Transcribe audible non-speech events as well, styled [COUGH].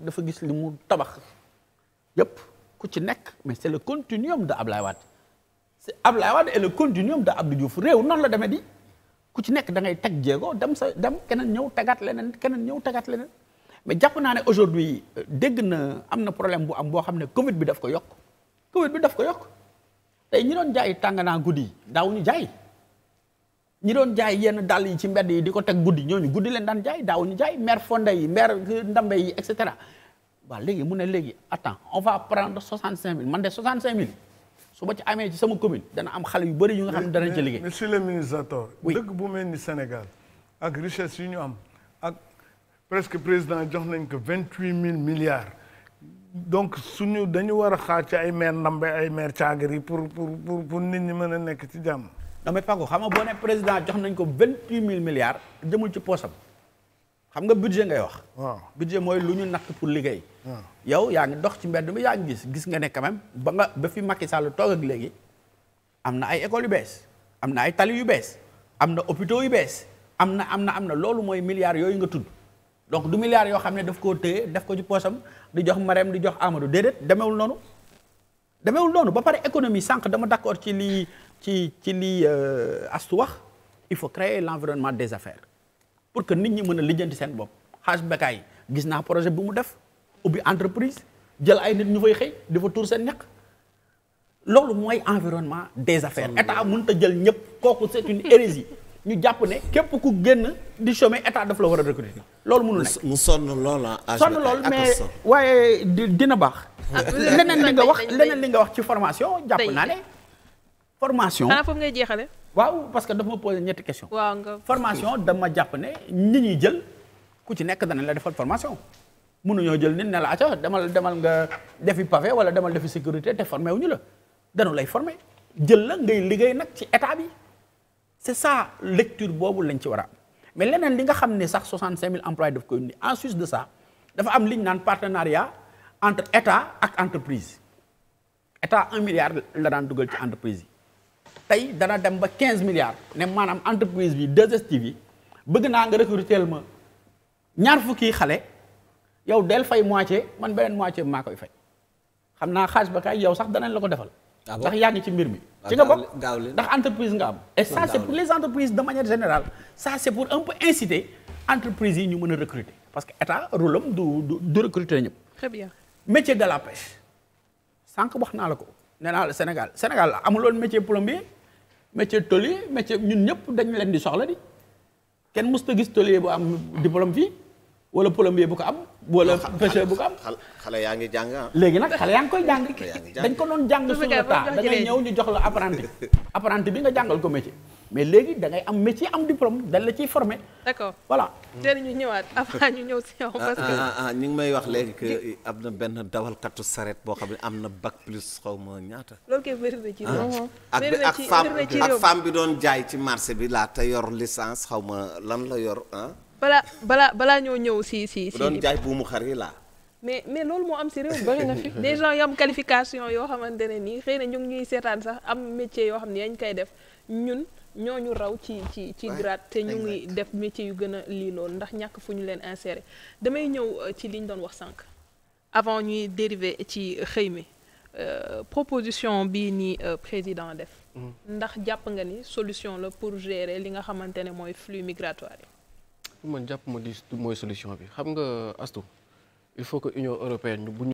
dafa gis li mu tabax yëpp ku ci nekk mais c' est le continuum de Ablaye Wade c' est Ablaye Wade et le continuum de Abdou réew noonu la demee di ku ci nekk da ngay teg jéego dem sa dem keneen ñëw tegaat leneen keneen ñëw tegaat leneen mais jàpp naa ne aujourd'hui euh, dégg na am na problème bu am boo xam ne Covid bi daf ko yokk Covid bi daf ko yokk tey ñi doon jaay tànganaa guddi daaw ñu jaay. ñi doon jaay yenn dàll yi ci mbedd yi di ko teg guddi ñooñu guddi leen daan jaay daawuñu jaay maire Fonde yi maire Ndambe yi et cetera léegi mu ne léegi attends on va prendre 65000 man de 65000 su ma ci amee ci sama commune dana am xale yu bëri yu nga xam ne danañ ci liggéey. monsieur le ministre oui dëkk bu mel ni Sénégal ak richesse yu ñu am ak presque président jox nañ ko mille milliards. donc su ñu dañu war a xaar ci ay maire Ndambe ay maire Thiagri pour pour pour nit ñi mën a nekk ci jàmm. non mais Paco xam nga boo ne jox nañ ko vingt huit mille milliards jëmul ci poosam xam nga budget ngay wax. waaw budget mooy lu ñu natt pour liggéey. yow yaa ngi dox ci mbedd mi yaa ngi gis gis nga ne quand même ba nga ba fi makki Sall toog ak léegi am na ay écoles yu bees am na ay tali yu bees am na hôpitaux yu bees am na am na am na loolu mooy milliards yooyu nga tudd. donc du milliards yoo xam ne daf koo téye daf ko ci poosam di jox Marème di jox Amadou déedéet demewul noonu demewul noonu ba pare économie sànq dama d'accord ci lii ci ci li euh, astu wax il faut créer l'environnement des affaires pour que nit ñi mën a lijjanti seen bopp xaaj bekaay gis naa projet bu mu def ubbi entreprise jël ay nit ñu fay xëy di fa tuur seen ñaq loolu mooy environnement des affaires état mënut a jël ñëpp kooku set une hérésie ñu jàpp ne képp ku génn di chômer état daf la war a recruter loolu mënul nekk mu sonn loolu ah, sonn loolu mais waaye dina baax ah, leneen li nga wax leneen li nga wax ci formation jàpp naa formation xanaa foofu ngay jeexale waaw parce que dafa ma ñetti question waaw nga formation dama jàpp ne ñi ñuy jël ku ci nekk danañ la defal formation mënuñoo jël nit ne la aca demal demal nga defi pavé wala demal defi sécurité te formé la danu lay formé jël la ngay liggéey nag ci état bi c'est ça lecture boobu lañ ci war a mais leneen li nga xam ne sax 65000 employés daf koy indi en sus de ça dafa am li ñu naan partenariat entre état ak entreprise état un milliard la daan dugal ci entreprise yi tey dana dem ba quinze milliards ne maanaam entreprise bi 2STV yi bëgg naa nga recruter ma ñaar fukki xale yow del fay moitié man beneen moitié maa koy fay xam naa xaalis ba kay yow sax danañ la ko defal. Ah ndax yaa ngi ci mbir mi. Ah, ci nga bokk ndax entreprise nga am. Ah, et ça c'est les entreprises de manière générale ça c'est pour un peu inciter entreprises yi ñu mën a recruter parce que état rôle du du recruter ñëpp. très métier de la pêche sànq wax naa la ko. nee naa la Sénégal Sénégal amuloon métier plombier métier tôlier métier ñun ñëpp dañ leen di soxla di kenn mës ta gis tôlier bu am diplôme fii wala plombier bu ko am. wala pêcheur bu ko am. xale yaa ngi jàng ah. léegi nag xale yaa ngi koy jàng. dañ ko loon jàng sur le tas da ngay ñëw ñu jox la apprenti [LAUGHS] apprenti bi nga jàngal ko métier. mais léegi da ngay am métier am diplôme dañ la ciy formé. d'accord voilà. ñu ñëwaat avant ñu ñëw si yow. Ah, parce que ah, ah, ah ngi may wax léegi que eh, am na benn dawalkatu saret boo xam ne am na bac plus xaw ma ñaata. loolu kay ci réew ak femme ak bi doon jaay ci marché bi laa te yor licence xaw ma lan la yor ah. balaa balaa ñëw si si si. doon jaay buumu xar yi laa. mais mais loolu moo am si réew bari na fi yoo xamante ne nii xëy na ñu ngi seetaan sax am métier yoo xam ne yañ koy def ñun ñu raw ci ci ci grade te ñu ngi def métier yu gën a lii loolu ndax ñàkk fu ñu leen insérer damay ñëw euh, ci liñ doon wax sànq avant ñuy dériver ci xëy mi euh, proposition bii nii euh, président def mm. ndax jàpp nga ni solution la pour gérer li nga xamante ne mooy flux migratoire yi man jàpp ma di mooy solution bi xam nga astu il faut que Union européenne bu ñu